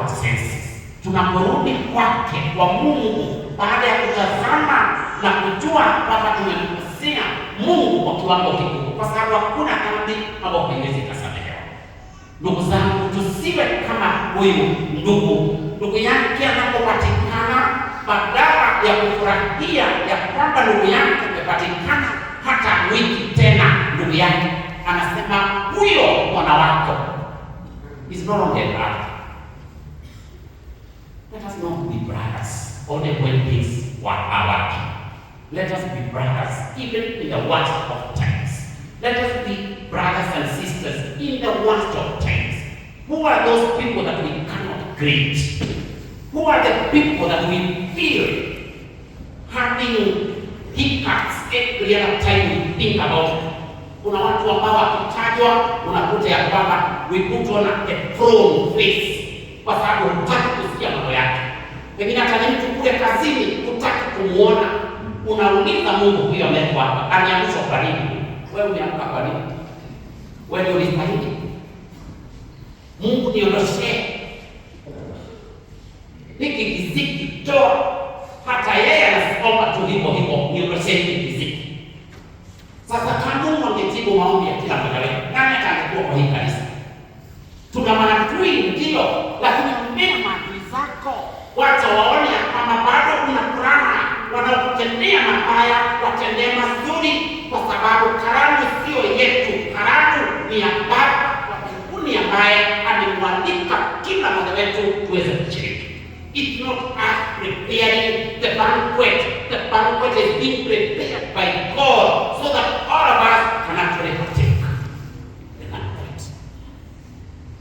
kwa sisi. Tunaporudi kwake kwa Mungu baada ya kutazama na kujua kwamba tumemkosea Mungu kwa kiwango kikubwa, kwa sababu hakuna dhambi ambayo haiwezi kusamehewa. Ndugu zangu, tusiwe kama huyu ndugu. Ndugu yake anapopatikana, badala ya kufurahia ya kwamba ndugu yake amepatikana, hata wiki tena ndugu yake anasema huyo mwana wako is no longer Let us not be brothers only when things are working. Let us be brothers even in the worst of times. Let us be brothers and sisters in the worst of times. Who are those people that we cannot greet? Who are the people that we feel having hiccups every other time we think about them? kuna watu ambao wakitajwa unakuta ya kwamba we put on a throne face kwa sababu hutaki kusikia mambo yake. Pengine hata mtu kule kazini hutaki kumuona, unauliza Mungu huyo ameko hapa ameamshwa kwa nini? Wewe umeamka kwa nini? Wewe ndio ulistahili. Mungu niondoshe hiki kiziki, toa. Hata yeye anasoma tu hivyo hivyo, niondoshe hiki kiziki. Sasa kanuni Mungu angetibu maombi ya kila mmoja wetu, nani atakayekuwa kwa hii kanisa? tuna maana watendea mabaya watendee mazuri, kwa sababu karamu siyo yetu. Karamu ni ya Baba wa mbinguni ambaye alimwalika kila mmoja wetu tuweze kushiriki. It's not us preparing the banquet. The banquet is being prepared by God so that all of us can actually partake the banquet.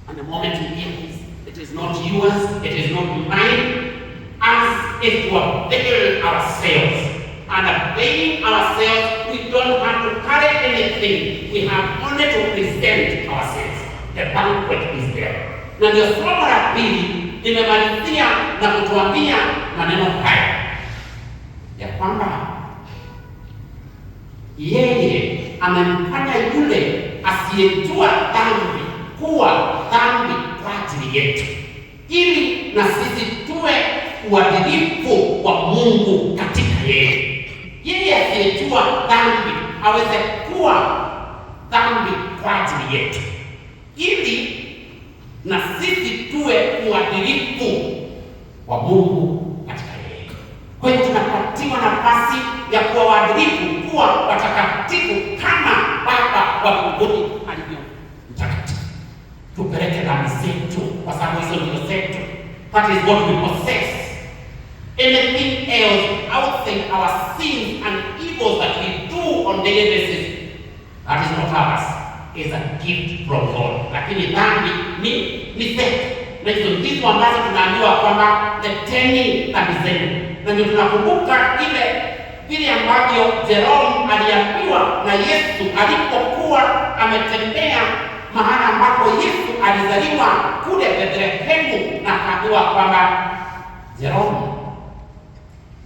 And the moment he ends, it is not yours, it is not mine. Us is to avail ourselves and availing ourselves, we don't have to carry anything. We have only to present ourselves. The banquet is there. Na ndio somo la pili limemalizia na kutuambia maneno haya ya kwamba yeye amemfanya yule asiyejua dhambi kuwa dhambi kwa ajili yetu, ili na sisi tuwe uadilifu wa Mungu kuwa dhambi, aweze kuwa dhambi kwa ajili yetu, ili na sisi tuwe uadilifu wa Mungu katika yeye. Kwa hiyo tunapatiwa nafasi ya kuwa waadilifu, kuwa watakatifu kama Baba wa mbinguni alivyo mtakatifu. Tupeleke dhambi zetu, kwa sababu hizo ndio zetu. That is what we possess. Anything else outside our sins and miracles that we do on daily basis, that is not ours, is a gift from God. Lakini dhambi ni ni fake. Na hizo ndizo ambazo tunaambiwa kwamba leteni dhambi zenu, na ndio tunakumbuka ile vile ambavyo Jerome aliambiwa na Yesu alipokuwa ametembea mahala ambapo Yesu alizaliwa kule Bethlehemu, na akaambiwa kwamba Jerome,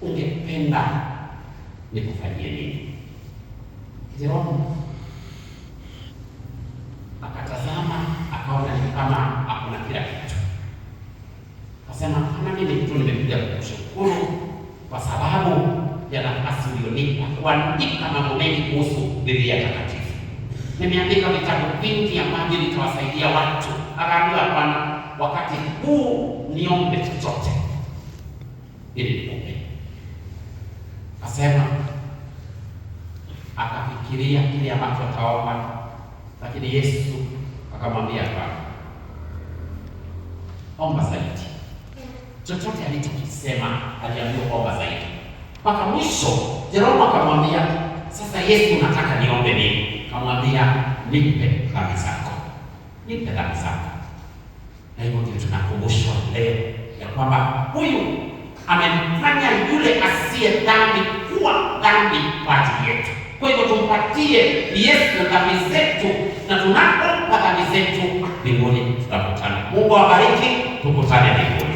ungependa ni kufanyia nini? Firauni akatazama akaona ni kama hakuna kila kitu, akasema kama mimi tu nimekuja kukushukuru kwa sababu ya nafasi ulionipa kuandika mambo mengi kuhusu Biblia Takatifu. Nimeandika vitabu vingi ambavyo nitawasaidia watu. Akaambiwa Bwana, wakati huu niombe chochote ili nikupe. Akasema akafikiria kile ambacho ataomba, lakini Yesu akamwambia hapana, omba zaidi. Chochote alichokisema aliambiwa omba zaidi mpaka mwisho. Yeroboamu akamwambia sasa, Yesu nataka niombe nini? Akamwambia nipe dhambi zako, nipe dhambi zako. Na hivyo ndio tunakumbushwa leo ya kwamba huyu amemfanya yule asiye dhambi kuwa dhambi kwa ajili yetu. Kwa hivyo tumpatie Yesu dhambi zetu, na tunapompa dhambi zetu mbinguni tutakutana. Mungu awabariki, tukutane mbinguni.